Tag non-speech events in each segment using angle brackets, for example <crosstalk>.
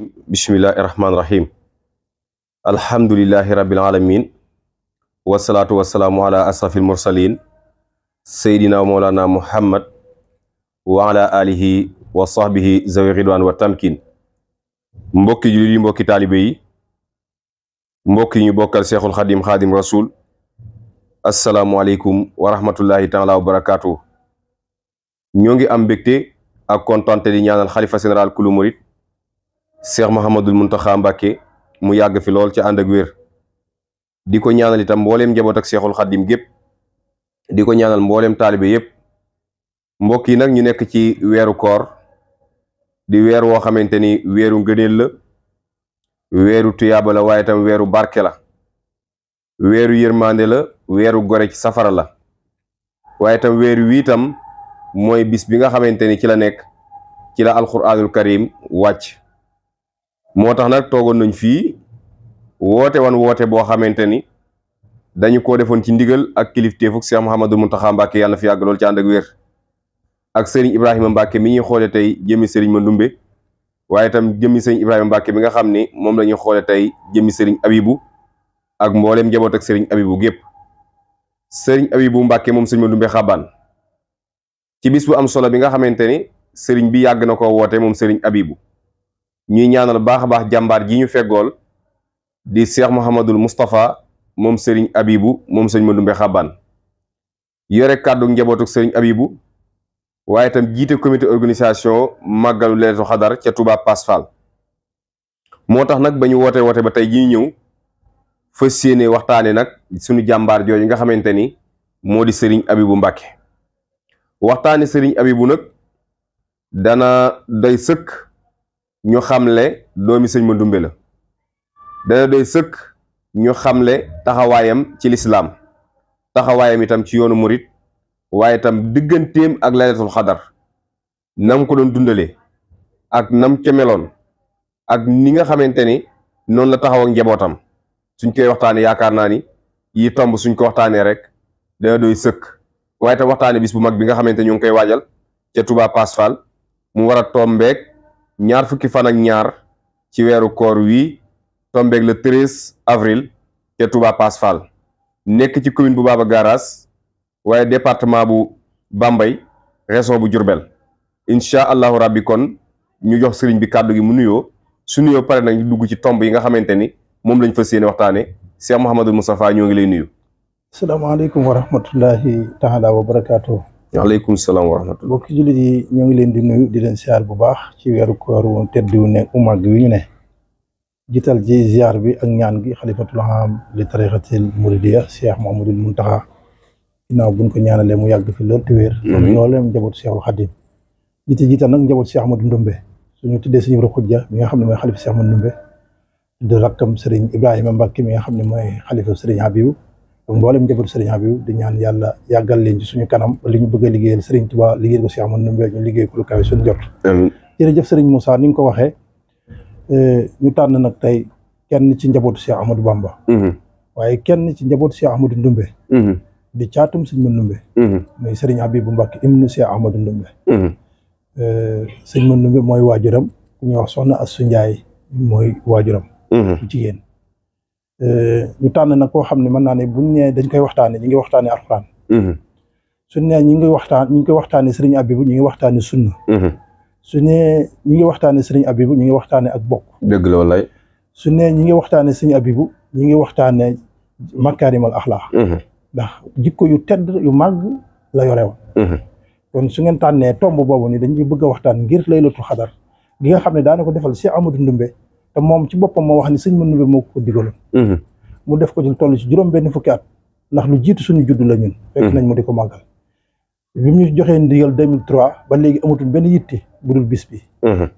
bismillaahi rahmaani rahiim alhamdulillaahi rabbil aalamiin wasalaatu wasalaamu ala asrafil mursaliin seydina moolana muhammad wa ala alihi wa sahbihi zawi ridwaan wa tamkin mbokki jullit yi mbokki taalibe yi mbokki ñu bokkal seexul xadim xadim rasul asalaamualeykum wa rahmatullahi taala wa barakaatu ñoo ngi am mbégte ak kontaan di ñaanal xalifa général kulu murit Cheikh Mouhamadul Mountakha Mbacké mu yàgg fi lool ci ànd ak wér di ko ñaanal itam mbooleem njaboot ak seexul Khadim gépp di ko ñaanal mbooleem taalibe yépp mbokk yi nag ñu nekk ci weeru koor di weer woo xamante ni weeru ngëneel la weeru tuyaaba la waaye tam weeru barke la weeru yërmande la weeru gore ci safara la waaye tam weeru wi tam mooy bis bi nga xamante ni ci la nekk ci la alquraanul karim wàcc moo tax nag toogoon nañ fii woote wan woote boo xamante ni dañu ko defoon ci ndigal ak kilifteefuk Cheikh Mouhamadou Mountakha Mbacké yàlla na fi yàgg lool ci ànd ak wér ak Serigne Ibrahima Mbacké mi ñuy xoole tey jëmmi Serigne Mandoumbe waaye itam jëmmi Serigne Ibrahima Mbacké mi nga xam ni moom la ñuy xoole tey jëmmi sëriñ Abibou ak mbooleem njaboot ak sëriñ Abibou gépp Serigne Abibou Mbacké moom Serigne Mandoumbe Xabaan ci bis bu am solo bi nga xamante ni Serigne bi yàgg na ko woote moom sëriñ abibu ñuy ñaanal baax a baax jàmbaar ji ñu feggool di Cheikh Mouhamadul Moustapha moom Serigne abibu moom sëñ Madoumbe Xaban yore kàddu njabootuk Serigne abibu waaye itam jiite comité organisation màggalu Laylatul Qadr ca tubaab Passe moo tax nag ba ñu wootee woote ba tey ji ñëw fa yéene waxtaane nag suñu jàmbaar jooju nga xamante ni moo di Serigne Abibou Mbacke waxtaane Serigne Abibou nag dana day sëkk ñu xamle doomi sëñ ma Mandumbe la dana doy sëkk ñu xamle taxawaayam ci lislaam taxawaayam itam ci yoonu murit waaye itam digganteem ak laylatul xadar nam ko doon dundale ak nam ca meloon ak ni nga xamante ni noonu la taxaw ak njabootam suñ koy waxtaanee yaakaar naa ni yi tomb suñ ko waxtaanee rek dana doy sëkk waaye itam waxtaane bis bu mag bi nga xamante ñu ngi koy waajal ca tubaab Passe mu war a tombeek ñaar fukki fan ak ñaar ci wéru koor wi tombé le 13 avril té Touba Passe Fall ci commune bu Baba garas, waye département bu Bambay région bu Djourbel insha Allah rabbi kon ñu jox sëriñ bi kaddu gi mu nuyo su nuyo paré nag dugg ci tombe yi nga xamanteni mom lañ fas yéene waxtaane Cheikh Mouhamadou Moustapha ñu ngi lay nuyu. alaykum wa rahmatullahi taala wa barakatuh waaleykum salaam wa rahmatulah. mbokki jullit yi ñoo ngi leen di nuyu di leen siyaar bu baax ci weeru kooru tedd wu nekk u màgg wi ñu ne jiital ji ziar bi ak ñaan gi xalifatul aam li tarixatil muridiya Cheikh Mouhamadul Mountakha ginnaaw buñ ko ñaanalee mu yàgg fi lool te wér. ñooleem njaboot Cheikhul Khadim. jiite jiital nag njaboot Cheikh Ahmadou Ndoumbe suñu tuddee sëñ Ibra Xujja mi nga xam ne mooy xalifa Cheikh Ahmadou Ndoumbe di rakkam sëriñ Ibrahima Mbacke mi nga xam ne mooy xalifa sëriñ Habibu donc mboolem njabootu sëriñ Habib di ñaan yàlla yàggal leen ci suñu kanam li ñu bëgg a liggéeyal sëriñ Tuubaa liggéeyal ko si amoon na ñu liggéey ko lu kawe suñu jot jërëjëf sëriñ Moussa ni nga ko waxee eh, ñu tànn nag tey kenn ci njabootu Cheikh Ahmadou Bamba mhm. waaye kenn ci njabootu si Ahmadou Ndumbe mhm. di caatum sëñ ma Ndumbe mooy sëriñ Habibou Mbacké ibnu Cheikh Ahmadou Ndumbe mhm. eh, sëñ ma Ndumbe mooy waajuram ku ñuy wax soxna Assu Njaay mooy waajuram jigéen Euh, ñu tànn nag koo xam ne mën naa ne buñ nee dañ koy waxtaanee ñu ngi waxtaanee alxuraan. Mm-hmm. suñ nee ñu ngi waxtaan ñu ngi koy waxtaanee sëriñ Abibu ñu ngi waxtaanee sunna. Mm-hmm. su nee ñu ngi waxtaanee sëriñ Abibu ñu ngi waxtaanee ak bokk. dëgg la wallaay. su nee ñu ngi waxtaanee sëriñ Abibu ñu ngi waxtaanee makaarimal axlaax. Mm-hmm. ndax jikko yu tedd yu mag la yore kon su ngeen tànnee tomb boobu ni dañuy bëgg a waxtaan ngir laylatul xadar gi nga xam ne daana ko defal si Amadou Ndumbe te moom ci boppam moo wax ni sëñ Mandoumbe moo ko digaloon mhm. mu def ko ci toll ci juróom benn fukki at ndax lu jiit suñu judd la ñun fekk mhm. nañ mu di ko màggal bi mu ñu joxee ndigal 2003 ba léegi amatul benn yitti bu dul bis bi mhm.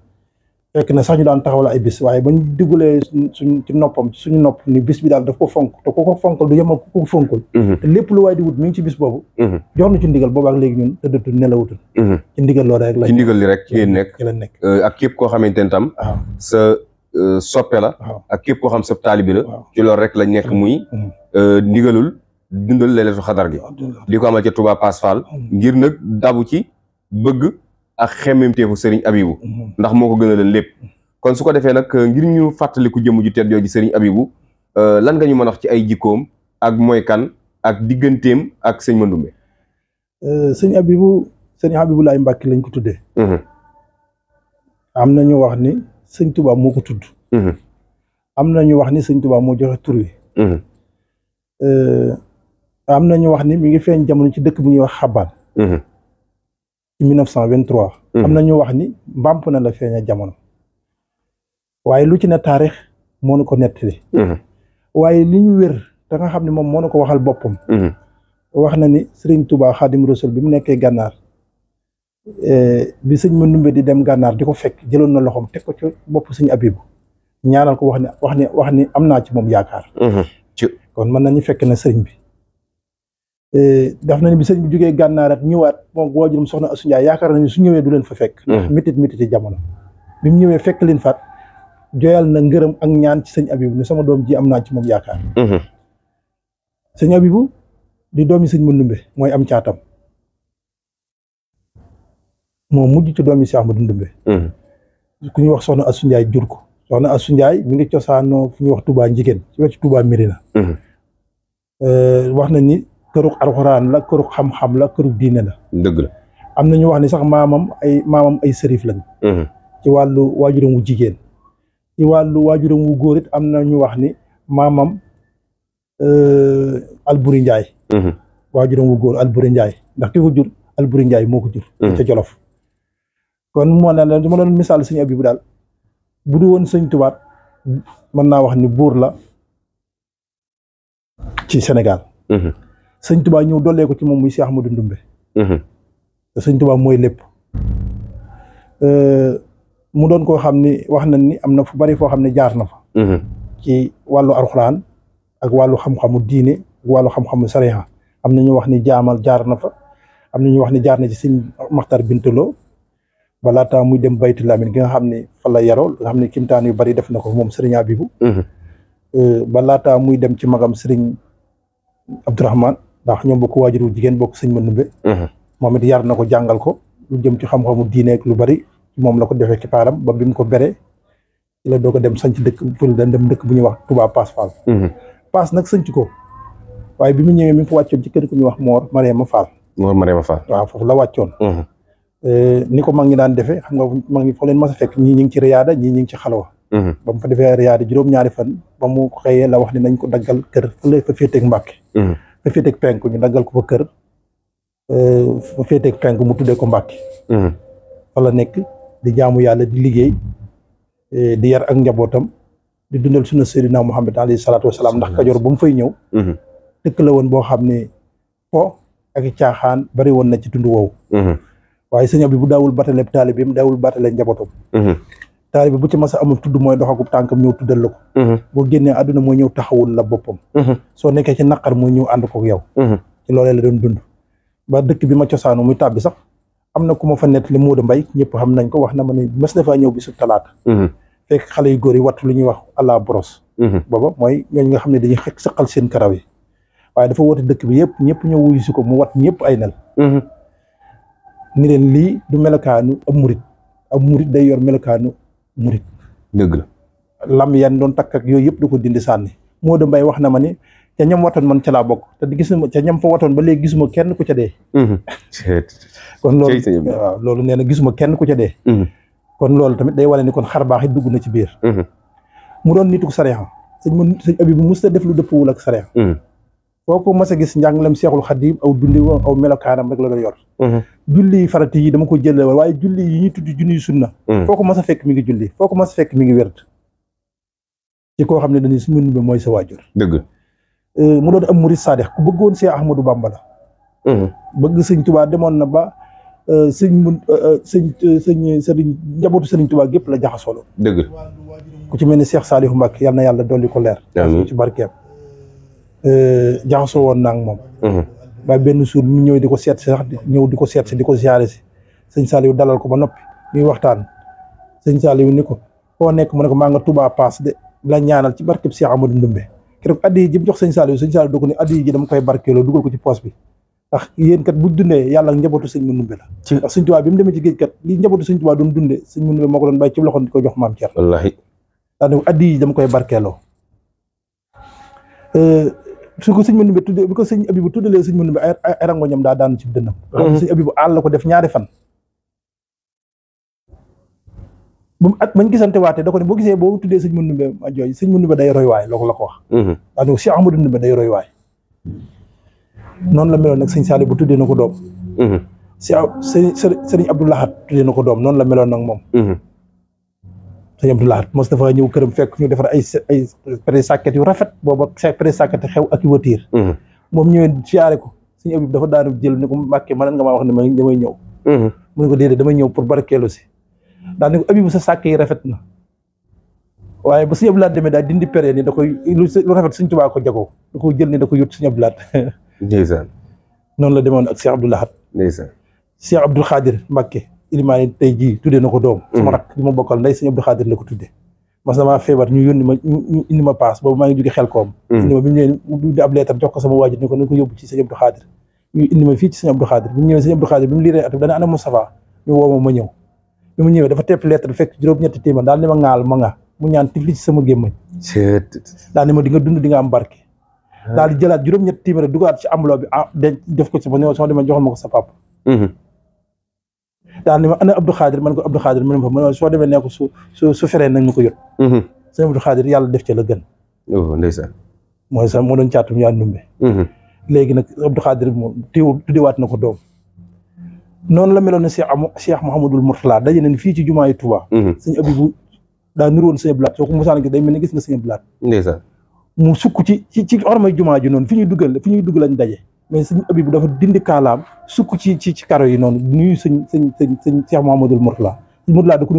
fekk na sax ñu daan taxawal ay bis waaye ba ñu diggulee suñ ci noppam suñu nopp ni bis bi daal daf ko fonk te ku ko fonkal du yemal ku ko fonkul waay di wut mi ngi ci bis boobu jox na ci ndigal boobaak léegi ñun tëddatul nelawutul ci ndigal loolu rek la ci ndigal li rek ci ngeen nekk euh, ak képp koo xamante ne tam sa Euh, soppe la ak képp koo xam sab talibi la ci loolu rek lañ nekk muy mm. Mm. Euh, ndigalul dundal leletu xadar gi di ko amal ci Touba Pass Fall mm. ngir nag dabu ci bëgg ak xemmemteefu sëriñ abibu ndax moo ko gën a leen lépp kon su ko defee nag euh, ngir ñu fàttaliku jëm ju tedd jooju sëriñ abibu lan nga ñu mën a wax ci ay jikkoom ak mooy kan ak digganteem ak sëñ Mandoumbe sëñ abibu sëñ Abibulaay Mbàkke lañ ko tuddee mm-hmm. am nañu wax ni sëñ Touba moo ko tudd. Mhm. am na ñu wax ni sëñ tubaa moo joxe tur mhm. euh, am na ñu wax ni mi ngi feeñ jamono ci dëkk bu ñuy wax xabaan. Mhm. ci 1923. am na ñu wax ni mbàmp na la feeña jamono. waaye lu ci ne taarix moo nu ko nettali. waaye li ñu wér da xam ne moom moo nu ko waxal boppam. wax na ni Serigne Touba Khadim Rasoul bi mu nekkee gànnaar. Eh, bi sëñ ma numbe di dem gànnaar di ko fekk jëloon na loxoom teg ko ci bopp sëñ abibu ñaanal ko wax ne wax ne wax ni am naa ci moom yaakaar mm-hmm. kon mën nañu fekk na sëriñ bi eh, daf nañu bi sëriñ bi jógee gànnaar ak ñëwaat moom waajurum soxna Asu yaakaar nañu su ñëwee du leen fa fekk mm-hmm. ndax mitit mititi jamono bi mu ñëwee fekk leen faat joyal na ngërëm ak ñaan sëñ abibu sama doom ji am naa ci moom yaakaar mm-hmm. sëñ abibu di doomi sëñ ma numbe mooy am caatam moo mujj ci doom doomi Cheikh Ahmadou Ndumbe hmm. ku ñuy wax soxna Assou Ndiaye jur ko soxna Assou Ndiaye mi ngi cosaanoo fu ñuy wax Touba Njigéen ci wetu Touba Mérina hmm. euh, wax na ni këruk alxuraan la këruk xam-xam la këruk diine la dëgg la am na ñu wax ni sax maamam ay maamam ay sërif lañ hmm. ci wàllu waajuram wu jigéen ci wàllu waajuram wu góor am na ñu wax ni maamam euh, Alburi Ndiaye waajuram wu góor Alburi Ndiaye ndax ki ko jur Alburi Ndiaye moo ko jur ca Jolof kon moo ne la dama doon misaal sëñ Abibu daal bu du woon sëñ tubaat mën naa wax ni buur la ci Sénégal mhm. sëñ tubaa ñëw dollee ko ci moom muy Cheikh Ahmadou Ndumbe mhm. te sëñ tubaa mooy lépp mu doon koo xam ni wax nañ ni am na fu bari foo xam ne jaar na fa mhm. ci wàllu alxuraan ak wàllu xam-xamu diine ak wàllu xam-xamu sariya am na ñu wax ni jaamal jaar na fa am na ñu wax ni jaar na ci sëñ Maxtar Bintaloo ba laataa muy dem baytu Lamine gi nga xam ne fa la yaroo nga xam ne kimtaan yu bari def na ko moom Serigne Abibou. Mhm. Euh, ba laataa muy dem ci magam Serigne Abdourahmane ndax ñoom bokk waajuru jigeen bokk sëñ Manumbe. Mhm. moom it yar na ko jàngal ko lu jëm ci xam-xamu diine ak lu bari moom la ko defee ci paaram ba bi mu ko beree la doo ko dem sanc dëkk fële dañ dem dëkk bu ñuy wax Touba Pass Fall. Mhm. Pass nag sanc ko waaye bi mu ñëwee mi ngi fa wàccoon ci kër ku ñuy wax Mor Mariama Fall. Mor Mariama Fall waaw foofu la wàccoon. Eh, ni ko mag ñi daan defee xam nga mag ñi foo leen mas a fekk ñii ñu ngi ci riyaada ñii ñu ngi ci xalwa mm-hmm. ba mu fa defee riyaada juróom-ñaari fan ba mu xëyee la wax ni nañ ko daggal kër fële fa féeteeg Mbàkke mm-hmm. fa féeteeg penku ñu daggal ko fa kër eh, fa féeteeg penku mu tuddee ko Mbàkke mm-hmm. fa nekk di jaamu yàlla di liggéey eh, di yar ak njabootam di dundal sunna Seydina Muhammad alayhi salaatu wasalaam ndax Kajoor ba mu fay ñëw dëkk la woon boo xam ne fo ak caaxaan bari woon na ci tund woowu waaye sëñ bi bu daawul batale taalibeem daawul batale njabootam mhm. taalibe bu ci masa amul tudd mooy doxagub tànkam ñëw tuddal la ko mhm. boo génnee àdduna mooy ñëw taxawul la boppam mhm. soo nekkee ci naqar mooy ñëw ànd ko yow ci loolee doon dund ba dëkk bi ma cosaanu muy tàbbi sax am na ku ma fa nett li Moodu Mbay ñëpp xam nañ ko wax na ma ne fa na bi ñëw bisu talaata fekk xale yu góor yi wattu lu ñuy wax àla boros booba mooy ñooñ nga xam ne dañuy xëq saqal seen karaw yi waaye dafa woote dëkk bi yëpp ñëpp ñëw wuyu ko mu wat ñëpp ay ni leen lii du melokaanu a murit ab murit day yor melokaanu murit dëgg la lam yan doon takk ak yooyu yëpp du ko dindi sànni moo da mbay wax na ma ni ca ñam watoon man ca laa bokk te gisuma ca ñam fa watoon ba léegi gisuma kenn ku ca dee mhm. <laughs> kon loolu waaw loolu nee na gisuma kenn ku ca dee mhm. kon loolu tamit day wane ni kon xar baax yi dugg na ci biir mhm. mu doon nitu sariya sëñ mu sëñ abi bu mus def lu dëppwul ak sariya kooku mas a gis njàngalem Seexul Xadiim aw dundi aw melokaanam rek la doon yor mhm. julli farati yi dama ko jëlle wal waaye julli yi ñu tudd junni sunna mhm. foo ko mas a fekk mi ngi julli foo ko mas a fekk mi ngi wérd ci koo xam ne si mun bi mooy sa waajur dëgg euh, mu doon am murid saadix ku bëggoon Seex Ahmadou Bamba la mhm. bëgg sëñ tubaa demoon na ba euh, sëñ mun sëñ euh, sëñ sëriñ njabootu sëriñ Tuubaa gépp la jaxasoolo dëgg ku ci mel ni Seex Saalihu Mbàkke yal na yàlla dolli ko leer ci barkeem Eh, jaxasoo woon naa ak moom. Mhm. ba benn suur ñu ñëw di ko seet si sax ñëw di ko seet si di ko ziare dalal ko ba noppi ñuy waxtaan sëñ Saliou ni ko foo mu ne ko nga Touba Pass de la ñaanal ci barkeb Cheikh Amadou Ndoumbé keroog addi ji mu jox sëñ Saliou sëñ Saliou doo ko ne addi ji dama koy ko ci bi ndax yéen kat bu dundee yàlla njabootu sëñ mu la ndax sëñ Touba bi mu ci géej kat li njabootu sëñ Touba doon dundee sëñ mu Ndoumbé doon bàyyi ci loxoon di jox maam Thierno wallaahi daa ne addi ji dama koy su ko sëñ Mandoumbe tuddee bi ko sëñ Abibu tuddalee sëñ Mandoumbe ay rango ñam daa daan ci dënnam mm-hmm. sëñ Abibu àll la ko def ñaari fan bu bañ gisante waatee da ko ne boo gisee boo tuddee sëñ Mandoumbe ma jooy sëñ ba day roy waay loolu la ko wax mm-hmm. daa donc Cheikh Ahmadou ba day roy waay noonu la meloon nag sëñ Saali bu tuddee na ko doom si mm-hmm. sëriñ Abdou Lahad tuddee na ko doom noonu la meloon nag moom sëñ Abdou Lahad Moustapha ñëw këram fekk ñu defar ay ay pré sàkket yu rafet booba pré sàkket xew ak i mhm. moom ñëwee siyaare ko sëñ dafa daanu jël ni ko ma nga maa wax ne ma damay ñëw mhm. mu ko déedéet damay ñëw pour barkeelu si daal ne ko sa sàkk yi rafet na waaye ba sëñ Abdou Lahad demee daal dindi péré ni da koy lu rafet sëñ Tuubaa ko jagoo da jël ni da ko yót sëñ Abdou Lahad ndeysaan <laughs> noonu la demoon ak Cheikh Abdou Lahad ndeysaan Cheikh Abdou ilimaani tey tay ji tudé nako dom sama hmm. rak dima bokal ndey seigne Abdou Khadir la tudé ma sama febar ñu yoni ma ñu indi ma paas bobu ma ngi jóge xel koom hmm. indi ma bi mu ñëwee ab lettre jox ko sama waajur niko niko yobbu ci seigne Abdou Khadir ñu indi ma fi ci seigne Abdou Khadir bimu ñëw seigne Abdou Khadir bimu liré atu dana ana mustafa ñu woo ma ma ñëw bimu mu dafa tép lettre fekk juroom ñetti téma dal ni ma ŋaal ma nga mu ñaan tifli ci sama gémmañ dal ni ma di nga dund di nga am barké ah. dal di jëlaat juróom-ñetti téeméer dugaat ci amlo bi ah, def ko ci ma ñëw sama demee joxal mako sa papa hmm. daal ni ma ana Abdou Khadir man ko Abdou Khadir man ma soo demee ne ko su su su feree nag ñu ko yót mm-hmm. sëñ Abdou yàlla def ca la gën oh, ndeysaan mooy sax moo doon caatum yaa mm-hmm. nag Abdou Khadir moom teewul tuddewaat na ko doom noonu la meloon ne Cheikh am Cheikh Mouhamadul Mourtala daje nañ fii ci jumaa yi Touba mm-hmm. sëñ Abibou daa nuroon sëñ blaat soo ko mosaan day mel ni gis nga sëñ blaat ndeysaan mu sukk ci ci ci ormay jumaa ji noonu fi ñuy dugal fi ñuy dugal lañ daje mais suñ abi dafa dindi kaalaam sukk ci ci ci karo yi noonu nuyu sëñ sëñ sëñ sëñ Cheikh Mouhamadoul Mourtala sëñ Mourtala da ko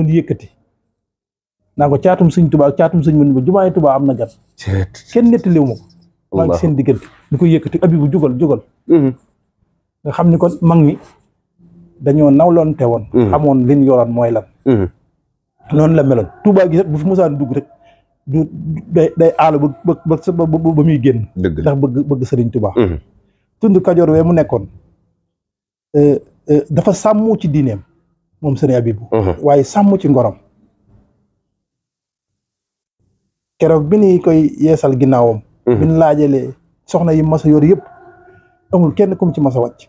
naa ko caatum sëñ Tuubaa caatum sëñ mën ba jumaay Tuubaa am na gan kenn nettaliwu ma ko maa ngi seen diggante koy yëkkati abi bu jugal jugal mm-hmm. xam ni kon mag ñi dañoo nawloon te woon xamoon mm-hmm. liñ yoroon mooy lan mm-hmm. noonu la meloon Tuubaa gi bu fi mosaan dugg rek du day day aalo ba ba ba muy génn ndax bëgg bëgg sëriñ Tuubaa tund kajoor wee mu nekkoon euh, euh, dafa sàmm ci diineem moom sëriñ Abibu mhm. waaye sàmm ci ngorom keroog bi ni koy yeesal ginnaawam mhm. bi ñu laajalee soxna yi masa yor yëpp amul kenn kum ci masa wàcc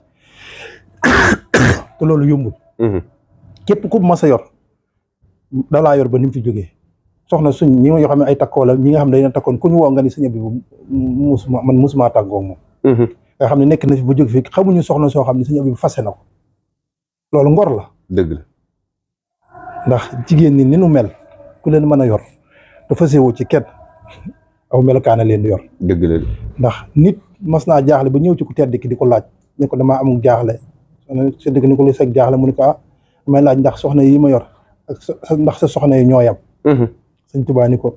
<coughs> te loolu yombul mhm. képp ku masa yor dalaa yor ba ni mu fi jógee soxna suñ ñi nga xam ne ay takkoo la ñi nga xam ne dañu takkoon ku ñu woo nga ni sëñ Abibu mus man musumaa tàggoo moom nga xamni nek na fi bu jog fi xamuñu soxna so xamni ne suñu abi fase na ko ngor la. deug la ndax jigen ni nu mel ku leen mën yor yor fassé wu ci kenn aw melokaana leen di yor. deug la ndax nit masna naa jaaxle ba ñëw ci ku tedd ki diko laaj ne ko dama amul jaaxle ci deug ni ko lay sax jaaxle mu ni ko ah may laaj ndax soxna yi ma yor ak ndax sa soxna yi ñoyam hmm señ tuba ni ko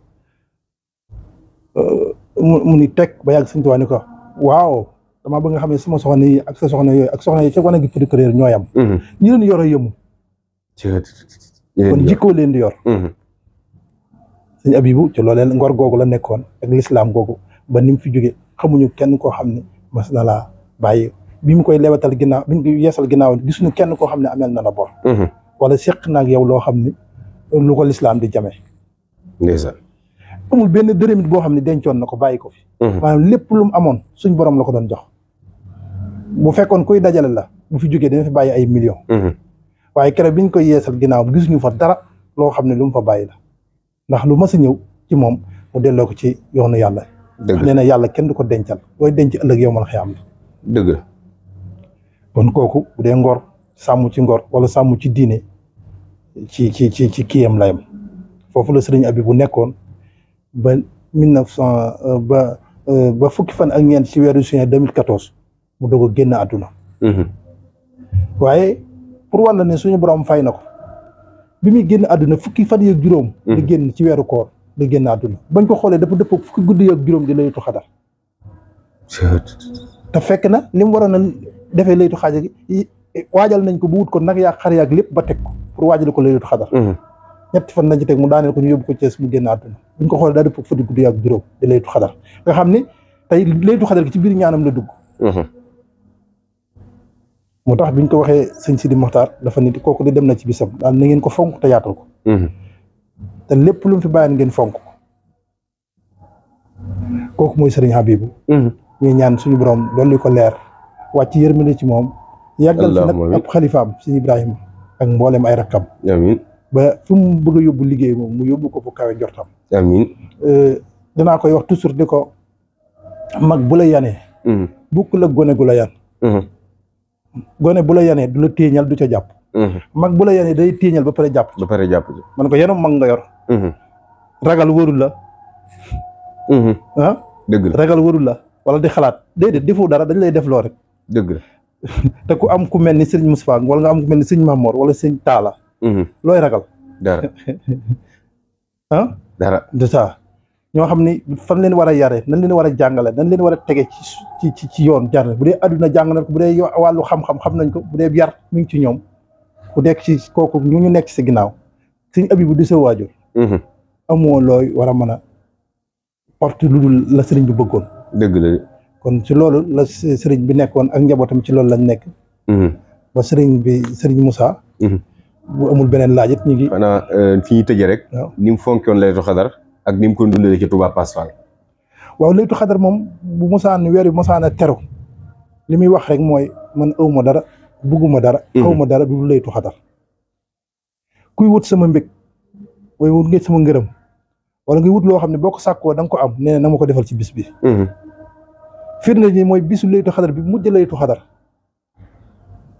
mu ni tek ba yag señ tuba ni ko waaw. damaa ba nga xam ne sama soxna yi ak sa soxna yooyu ak soxna yi ca wane gi kër kër ñooy am. Mm-hmm. ñi leen yore yëmu. kon jikkoo leen di yor. Mm-hmm. sëñ Abibu ci looleen ngor googu la nekkoon ak lislaam googu ba ni mu fi jóge xamuñu kenn koo xam ne mas na laa bàyyi bi mu koy lewatal ginnaaw bi mu gisuñu kenn koo xam ne amel na la bor. Mm-hmm. wala seq naag yow loo xam ne lu ko lislaam di jame. ndeysaan. amul benn dërëmit boo xam ne dencoon na ko bàyyi ko fi. maanaam lépp lu mu amoon suñ borom la ko doon jox. bu fekkoon kuy dajale la bu fi jógee dina fi bàyyi ay million mhm. waaye keroog biñ koy yeesal ginnaaw gisuñu fa dara loo xam ne lu mu fa bàyyi la ndax lu mas a ñëw ci moom mu delloo ko ci yoonu yàlla. dëgg nee na yàlla kenn du ko dencal looy denc ëllëg yow mal xiyaam la. dëgg kon kooku bu dee ngor sàmm ci ngor wala sàmm ci diine ci ci ci ci yam layam foofu la sëriñ abi bu nekkoon ba mille na cent ba ba fukki fan ak ñeent ci weeru juin deux mille quatorze mu doog a génn àdduna mhm. waaye pour wàll ne suñu borom fay na ko bi muy génn àdduna fukki fan yeeg juróom la mhm. génn ci weeru koor la génn àdduna bañ ko xoolee dafa dëpp fukki guddi yeeg juróom di laytu xadar te fekk na li mu waroon a defee laytu xaaja gi waajal nañ ko bu wut ko nag yaa xar yaag lépp ba teg ko pour waajale ko laytu xadar mhm. ñetti fan lañ ci teg mu daaneel ko ñu yóbbu ko Thiès mu génn àdduna buñ ko xoolee daa dëpp fukki guddi yeeg juróom di laytu xadar nga xam ne tey laytu xadar gi ci biir ñaanam la dugg moo tax bi ñu ko waxee sëñ Sidi Moxtaar dafa nit kooku di dem na ci bisam daal na ngeen ko fonk te yaatal ko. Mm-hmm. te lépp lu mu fi bàyyi ngeen fonk ko kooku mooy sëriñ Habibou. Mm-hmm. ñuy ñaan suñu borom dolli ko leer wàcc yërmande ci moom. yàggal fi nag ab xalifaam sëñ Ibrahima ak mboolem ay rakkam. amiin ba fu mu bëgg a yóbbu liggéey moom mu yóbbu ko fu kawe jortam. amiin euh, danaa koy wax toujours di ko mag bu la yanee. Mm-hmm. bukk la gone gu la yan. gone bu la yanee du la téeñal du ca jàpp mm-hmm. mag bu la yanee day téeñal ba pare jàpp ba pare jàpp man ko yanum mag nga yor mm-hmm. ragal warul la mm-hmm. ah dëgg la ragal warul la wala di xalaat déedéet defoo dara dañ lay def loo rek dëgg la <laughs> te ku am ku mel ni sëñ Moustapha wala nga am ku mel ni sëñ Mamor wala sëñ Talla looy ragal dara <laughs> ah dara ñoo xam ni fan leen war a yare nan leen war a jàngale nan leen war a tege ci ci ci yoon jar bu dee adduna jàng na ko bu dee wàllu xam-xam xam nañ ko bu dee yar mu ngi ci ñoom ku nekk ci kooku ñu ñu nekk si ginnaaw suñ bu di sa mm-hmm. amoo looy war a mën a porte lu sëriñ bi bëggoon dëgg kon ci loolu la sëriñ bi nekkoon ak njabootam ci loolu lañ nekk mm-hmm. ba sëriñ bi sëriñ Moussa mm-hmm. bu amul beneen laaj it ñu ngi xanaa euh, fi ñu tëjee rek ni mu fonkoon laylatul xadar ak ni mu ko dundalee ci Touba Passe Fall. waaw laytu xadar moom bu mosaan weer bi mosaan a teru li muy wax rek mooy man awma dara bugguma dara. Mhm. awma dara du laytu xadar. kuy wut sama mbég way wut nga sama ngërëm wala ngay wut loo xam ne boo ko sàkkoo da nga ko am nee na ma ko defal ci bis bi. Mhm. na ji mooy bisu laytu xadar bi mujj laytu xadar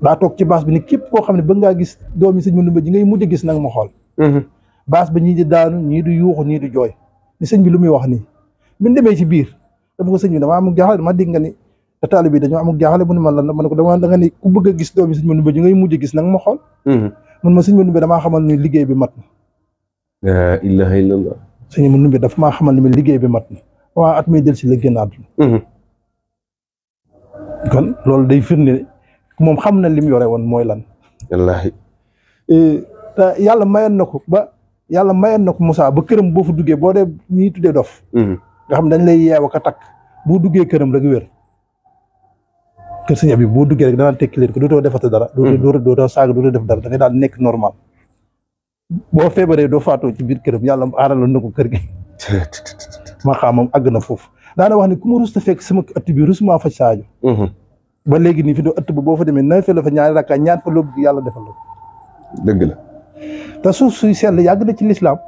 daa toog ci baas bi ni képp koo xam ne ba ngaa gis doomi sëñ Mandumbe ji ngay mujj gis nag ma xool. Mhm. bas ba ñi di daanu ñi di yuuxu ñi di joy ni señ bi lu muy wax ni min demee ci biir dama ko señ bi dama am jaaxale ma dig nga ni ta talib bi dañu am jaaxale mu ni man la man ko dama da nga ni ku bëgg gis doomi sëñ Mandumbe ji ngay mujj gis nag ma hmm man ma mënu bi dama xamal ni liggéey bi mat la ilaha illallah mënu bi dafa ma xamal ni liggéey bi mat wa at may del ci le gennad hmm kon loolu day firni mom xamna lim yore won moy lan e ta yalla na nako ba yàlla mayoon na ko Moussa ba këram boo fa duggee boo dee ñuy tuddee dof. Mm-hmm. nga xam dañ lay yeew ak takk boo duggee këram rek wér. kër sëñ bi boo duggee rek danaan tekki leen ko dootoo defate dara. Mm-hmm. dootoo dootoo saaga dootoo def dara da ngay daal nekk normal. boo feebaree doo faatoo ci biir këram yàlla aaraloon na ko kër gi. ma xam moom àgg na foofu daana wax ne ku ma rus ta fekk sama ëtt bi rus maa fa saaju. Mm-hmm. ba léegi nii fi do ëtt boo fa demee nawet fa la fa ñaari rakka ñaan fa loo yàlla defal la ko. la. ta suuf suy sell yàgg na ci lislaam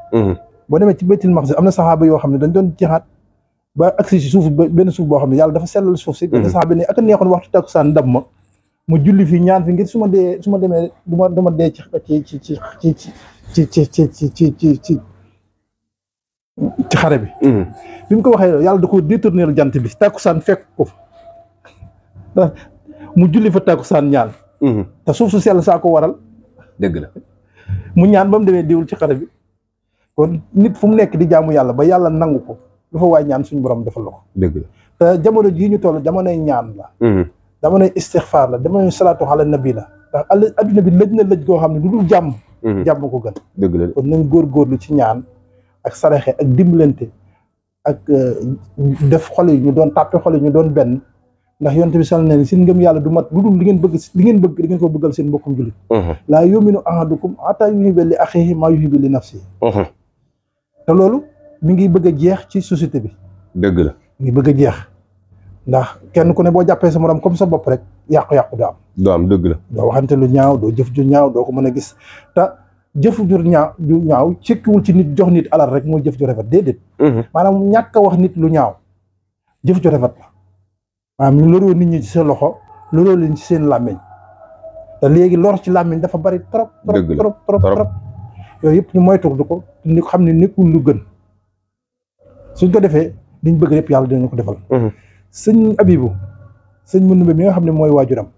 boo demee ci baytil maqdis am na saxaaba yoo xam ne dañ doon jihaat ba agsi ci suuf benn suuf boo xam ne yàlla dafa sellal suuf si benn saxaaba ne ak a neexoon waxtu takkusaan ndab ma mu julli fi ñaan fi ngir su ma dee su ma demee du ma du ma dee ci ci ci ci ci ci ci ci ci ci ci ci xare bi bi mu ko waxee yàlla da ko détourner jant bi takkusaan fekk ko mu julli fa takkusaan ñaan te suuf su sell saa ko waral dëgg la mu ñaan ba mu demee diwul ci xare bi kon nit fu mu nekk di jàmm yàlla ba yàlla nangu ko lu fa waay ñaan suñu borom defal la ko. dëgg la te jamono jii ñu toll jamonoy ñaan la. Mm-hmm. jamonoy istixfaar la jamonoy salaatu ala nabi la ndax àll bi lëj na lëj goo xam ne lu jàmm. Mm-hmm. jàmm ko gën. dëgg la kon góor góorlu ci ñaan ak saraxe ak dimbalante ak euh, def xol yi ñu doon tàppe xol yi ñu doon benn. ndax yonte bi sal neen seen ngeum yalla du mat lu dul li ngeen bëgg li ngeen bëgg di ngeen ko bëggal seen bokkum julit mhm. la yuminu ahadukum hatta yuhibbi li axihi maa yuhibi li nafsihi mhm. ta lolu mi ngi bëgg jeex ci société bi deug la mi ngi bëgg jeex ndax kenn ku ne bo jappé sa morom comme sa bop rek yaq yaq du am do am deug la do waxante lu ñaaw do jëf ju ñaaw do ko mëna gis ta jëf ju ñaaw ju ñaaw ci nit jox nit alal rek mooy jëf ju rafet dedet manam mhm. ñaka wax nit lu ñaaw jëf ju rafet la maanaam loroo nit ñi ci sa loxo loroo leen ci seen làmmiñ te léegi lor ci làmmiñ dafa bari trop trop trop trop yooyu yëpp ñu moytu ko ñu xam ne nekkul lu gën suñ ko defee liñ bëgg yëpp yàlla dinañ ko defal mhm. sëñ Abibu sëñ Mandumbe mi nga xam ne mooy waajuram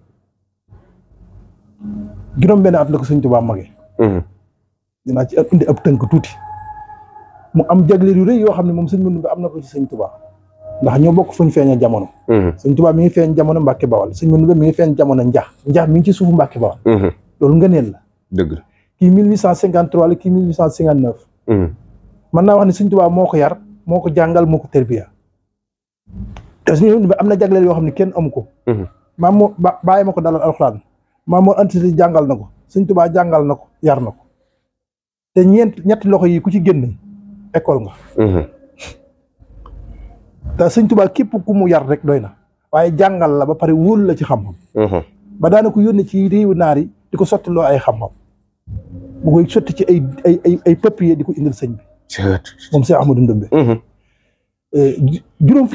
juróom benn at la ko sëñ Tuubaa mage mhm. dinaa ci ab tënk tuuti mu am jagleel yu rëy yoo xam ne moom sëñ bi am na ko ci sëñ Tuubaa ndax ñoo bokk fuñ feñ jamono mm-hmm. sëñ Tuubaa mi feñ jamono mbacke Bawal sëñ Mëndu mi feñ jamono njax njax mi ci suufu mbacke Bawal mm-hmm. loolu ngëneel la dëgg la ki 1853 la kii 1859 man na wax ni sëñ Tuubaa moko yar moko jangal moko terbiya te ñu amna am yo xamni kenn amuko hmm mam baay mako dalal alquran mam mo antité jàngal na ko sëñ Tuubaa jàngal yar nako te ñent ñet loxo yi ku ci genn école nga mm-hmm. te sëñ Tuubaa képp ku mu yar rek doy na waaye jàngal la ba pare wóolu la ci xam-xam. Uh-huh. ba daana ko yónnee ci réewu naar di ko sottiloo ay xam-xam mu koy sotti ci ay ay ay ay papier di ko indil sëñ bi. moom Cheikh Ahmadou Ndoumbe. Uh-huh. Eh, juróom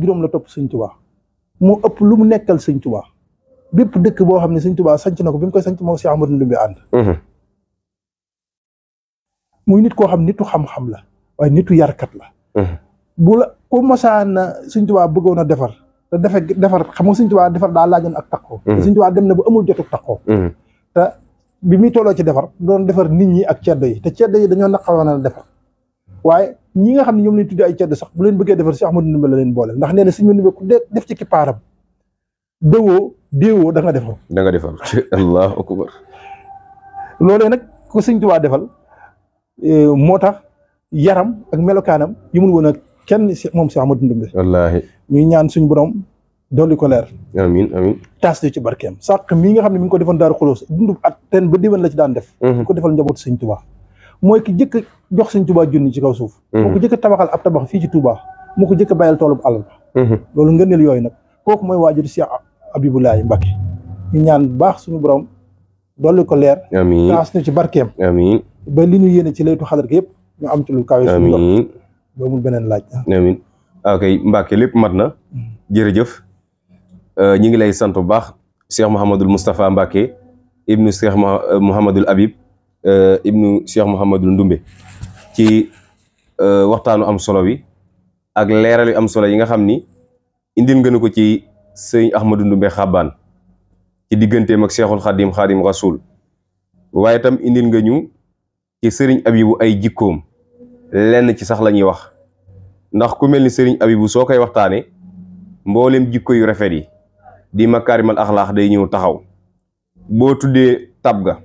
juróom la topp sëñ moo ëpp lu mu nekkal sëñ Tuubaa bépp dëkk boo xam ne sëñ Tuubaa sanc na ko bi mu koy sanc moom Cheikh Ahmadou ànd. Uh-huh. muy nit koo xam nitu xam-xam la waaye nitu yarkat la. bu la ku mosaan Sëñ Tuubaa bëggoon a defar te defe defar xam nga Sëñ Tuubaa defar daa laajoon ak takkoo mm-hmm. Sëñ Tuubaa dem na ba amul jotuk takkoo mm-hmm. te bi muy tolloo ci defar doon defar nit ñi ak ceddo yi te ceddo yi dañoo naqaroon a defar waaye ñi nga xam ne ñoom lañ tuddee ay ceddo sax bu leen bëggee defar si Ahmadu Ndumbe la leen boole ndax nee na Sëñ Ndumbe ku def ci kippaaram dëwoo déewoo da nga defar da defar <laughs> allahu akbar loolee nag ko Sëñ Tuubaa defal eh, moo tax yaram ak melokaanam yi woon kenn si moom si Amadou Ndumbe ñaan suñu borom dolli ko leer amiin amiin taas ci barkeem sàq mii nga xam ne mi ngi ko defoon Daaru Xuloos dundub at ten ba déwén la ci daan def mi mhm. ko defal njabootu sëñ Touba mooy ki jëkk jox sëñ Touba junni ci kaw suuf mhm. moo ko jëkk tabaxal ab tabax fii ci Touba moo ko jëkk bàyyal toolub alal ba mhm. loolu ngëneel yooyu nag kooku mooy waajur si Abibulaay Mbakke ñu ñaan baax suñu borom dolli ko leer amiin na ci barkeem amiin ba li ñu yéene ci laytu xadar gi yëpp ñu am ci lu kawe suñu ba beneen laaj. amiin lépp mat na. jërëjëf euh, ñi ngi lay sant bu baax Cheikh Mouhamadul Moustapha mbake euh, euh, ibnu Cheikh Mouhamadul Habib ibnu Cheikh Mouhamadul Ndumbe ci waxtaanu am solo wi ak leeral yu am solo yi nga xam ni indil ngeen ko ci sëñ Ahmadou Ndumbe Xabaan ci digganteem ak Cheikhul Xadim Xadim Rasoul waaye tam indil nga ñu ci sëriñ Abibu ay jikkoom. lenn ci sax la ñuy wax ndax ku mel ni sëriñ bu soo koy waxtaanee mboolem jikko yu rafet yi di makaarimal axlaax day ñëw taxaw boo tuddee tab ga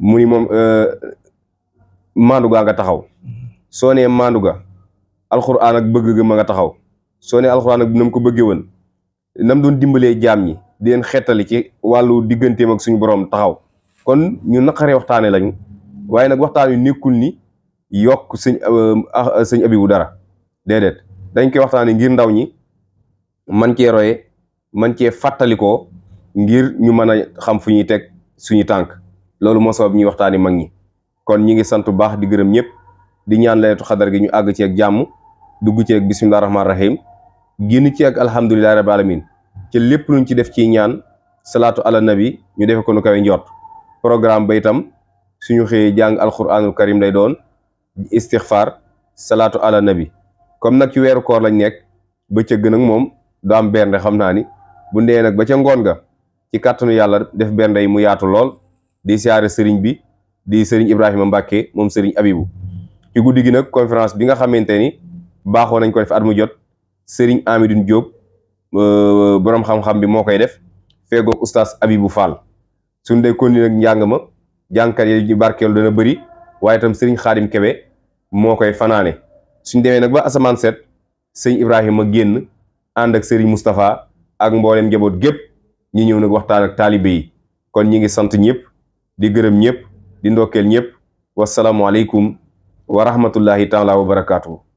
mu ni moom euh, maandu gaa nga taxaw soo nee maandu ga alxuraan ak bëgg ga ma nga taxaw soo nee alxuraan ak nam ko bëggee woon nam doon dimbalee jaam ñi di leen xettali ci wàllu digganteem ak suñu boroom taxaw kon ñu naqaree waxtaanee lañu waaye nag waxtaan wi nekkul ni yokk sëñ euh, ah, sëñ abibu dara déedéet dañ koy waxtaane ngir ndaw ñi man cee roye man cee fàttalikoo ngir ñu mën a xam fu ñuy teg suñu tànk loolu moo sabab ñuy waxtaani mag ñi kon ñi ngi sant bu baax di gërëm ñëpp di ñaan laylatul xadar gi ñu àgg ci jàmm dugg ceeg ak bisimilah rahmaani rahim génn ci ak alhamdulilahi rabbil alamin ci lépp luñ ci def ci ñaan salaatu ala nabi ñu defe ko nu kawe njort programme ba itam suñu xëyee jàng alquranul karim lay doon istighfar salatu ala nabi comme nak ci wéru koor lañ nekk gën ak mom do am bernde xamna ni bu ndé nak ba ca ngon nga ci yalla def bernde yi mu yaatu lol di siaré serigne bi di serigne Ibrahima mbacké mom serigne Abibu ci guddi gi nag conférence bi nga xamante ni baaxoo nañ ko def at mu jot serigne Amidou Diop euh, borom xam-xam bi mo koy def fego oustaz Abibu Fall sun dé kon nak jangama jankar yi barkel dana beuri waaye itam sëriñ xaadim kebe moo koy fanaane suñ demee nag ba asamaan set sëñ a génn ànd ak sëriñ moustapha ak mbooleem njaboot gépp ñi ñëw nag waxtaan ak taalibe kon ñi ngi sant ñëpp di gërëm ñëpp di ndokkeel ñëpp wasalaamualeykum wa rahmatullahi taala wa barakaatu.